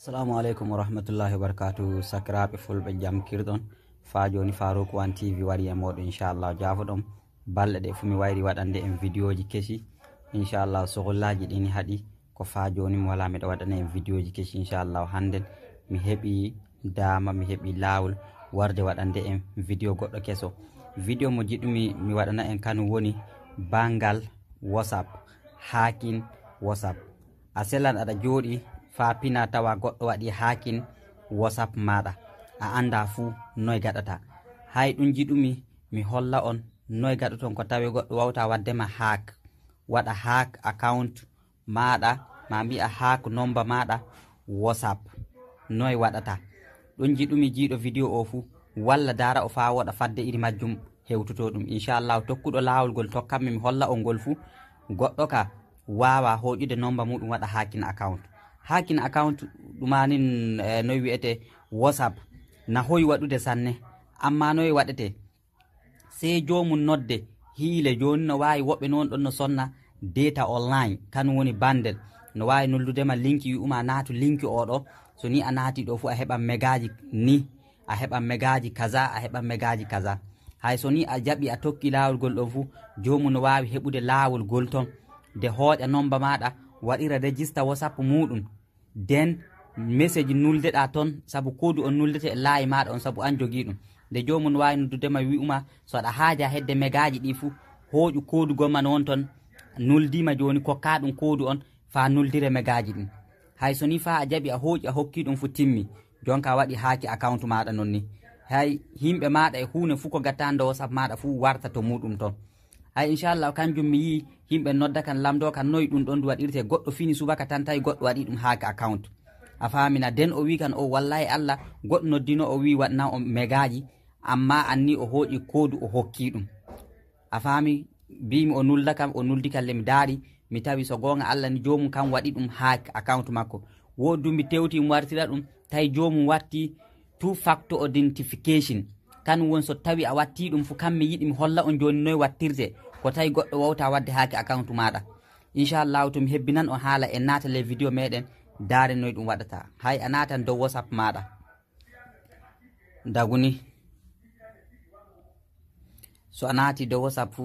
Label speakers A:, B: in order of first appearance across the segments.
A: assalamu aleykum warahmatullahi wabarakatu sakiraɓe fulɓe jam kirɗon fa joni farouk wan tv wari e moɗo inchallah jafoɗon balɗe ɗe fu mi wayri waɗande en vidéo ji kesi inchallah sohollaji ɗini haaɗi ko fa joni mi wala miɗa waɗana en vidéo ji kesi inchallah hannden mi heeɓi dama mi heeɓi lawol warde waɗande en vidéo goɗɗo keso vidéo mo jiɗumi mi waɗana en kanu woni bangal whatsapp hakin whatsapp a sellan aɗa jooɗi fa pina tawa goɗɗo waɗi hakin wasap maɗa a anda fuu noy gaɗata hay ɗum jiɗumi mi holla on noy gaɗaton ko tawi goɗɗo wawta waddema hak waɗa hak account maɗa ma mbi'a hak nomba maɗa wasap noy waɗata ɗum jiɗumi jiɗo vidéo o fuu walla dara o fa waɗa fadde iri majjum hewtoto ɗum inchallahu tokkuɗo lawolgol tokkanmi mi holla on ngol fuu goɗɗo ka wawa hoƴude nomba muɗum waɗa hakin account ha kina account ɗumani eh, noyi wi'ete whatsapp nahoyi waɗude sanne amma noyi waɗete sei jomum nodde hiile joni no wawi woɓɓe noon ɗon no sonna data online kanum woni bandel no wawi nolludema linki wiuma naatu linki oɗo so ni a naati ɗo fu a heɓa megaji ni a heɓa megaji kaza a heɓa megaji kaza hay so ni a jaɓi a tokki lawol gol ɗon fu jomum no wawi heɓude lawol gol ton nde hooƴa nomba maɗa waɗira regista whatsapp muɗum den message nuldeɗa toon saabu kodu on nuldete e laayi maɗa on saabu an jogui ɗum nde jomum wawi nuddudema wi'uma so aɗa haaja hedde megaji ɗi fuu hooƴu kodu gomma noon toon nuldima joni kokka ɗum kodu on fa nuldire megaji ɗin hay soni fa a jaaɓi a hooƴi a hokki ɗum fuu timmi jonka waɗi haaki account maɗa noon ni hay himɓe maɗa e hunde fuu ko gatta nde whatsapp maɗa fuu warta to muɗum toon ay inchallah kanjum mi yi yimɓe nodda kan lamdo kan noyi ɗum ɗon du waɗirte goɗɗo fini subaka tan tawi goɗɗo waɗi ɗum haa account a famina nden o wi kan o wallahi allah goɗɗo noddino o wi waɗna o megaji amma anni o hooƴi koodu o hokki ɗum a fami mbimi o nulda kam o nuldi kalle mi daari mi tawi so gonga allah ni jomum kam waɗi ɗum ha account makko wodi du mi tewti mi wartira ɗum tawi jomum watti tout facto identification tan won so tawi a watti ɗum fo kammi yiɗimi holla on joni noyi wattirte ko tawi goɗɗo wawta wadde haake account maɗa inchallahu tomi hebbinan o haala e naatale video meɗen daare noyi ɗum waɗata hay a naatan dow whatsapp maɗa daguni so a naati dow whatsapp fu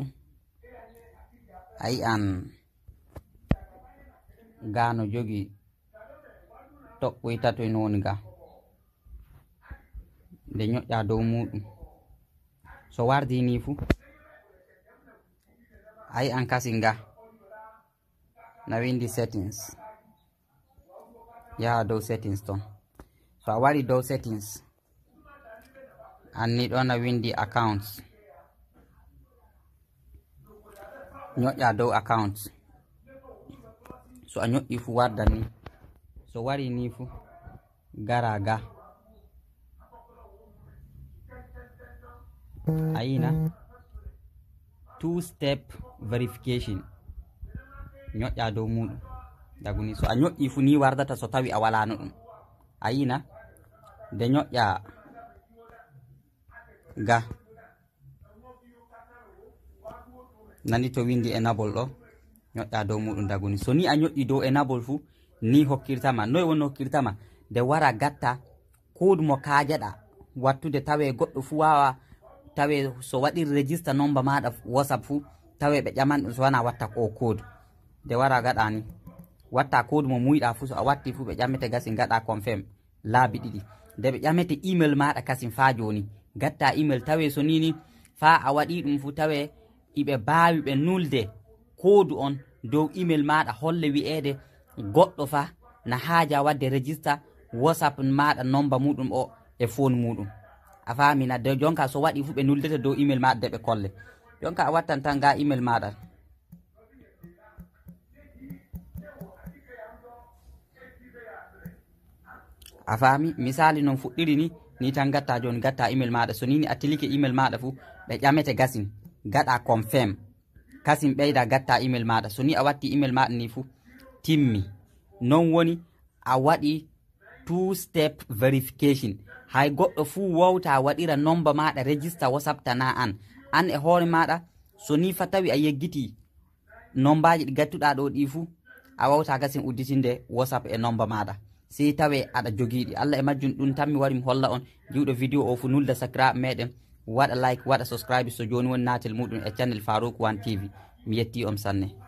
A: a yi'an gaano jogi toɓɓoy tatoy noni ga nde ño'a dow muɗum so wardini fu a yi an kasi nga na windi settings yaha dow settings ton so a wari dow settings anni ɗo na windi accounts ño'a dow accounts so a ño'i fu warda ni so wari ni fu gara ga ayina two step verification ñoƴƴa dow muɗum daguni so a ñoƴƴi fu ni wardata so tawi a walano ɗum ayina nde ñoƴƴa ga nani to windi enable ɗo ñoƴƴa dow muɗum daguni so ni a ñoƴƴi dow enable fu ni hokkirtama noyi woni hokkirtama nde wara gatta kuud mo kajaɗa wattude tawe goɗɗo fu wawa tawe so waɗi régista nomba maɗa wasap fu tawe ɓe ƴaman ɗum so wana watta o code nde wara gaɗa ni watta code mo muyɗa fu so a watti fu ɓe ƴamete gasi gaɗa confirme laabi ɗiɗi nde ɓe ƴamete email maɗa kasi fa joni gatta email tawe so nini fa a waɗi ɗum fu tawe iɓe bawi ɓe nulde kodu on dow email maɗa holle wi'ede goɗɗo fa na haaja wadde régista whatsapp maɗa nomba muɗum o e fon muɗum a famina dow jonka so waɗi fu ɓe nuldata dow email maɗa de ɓe kolle jonka a wattan tan ga email maɗa a fami misali noon fuɗɗiri ni ni tan gatta joni gatta email maɗa so nini attilike email maɗa fu ɓe ƴamete gasin gaɗa confirm kasin ɓeyda gatta email maɗa so ni a watti email maɗa ni fu timmi non woni a waɗi two step verification hay goɗɗo fuu wowta waɗira nomba maɗa régista wosaptana an an e hoore maɗa so ni fa tawi a yeggiti nombaji ɗi gattuɗa ɗo ɗi fuu a wawta gasen udditinde wasap e nomba maɗa sey tawe aɗa jogiiɗi allah e majjum ɗum tan mi wari mi holla on jiwɗo vidéo o fu nulda sacrabe meɗen waɗa like waɗa subscribe so joni woni natel muɗum e channel farouk wan tv mi yetti on sanne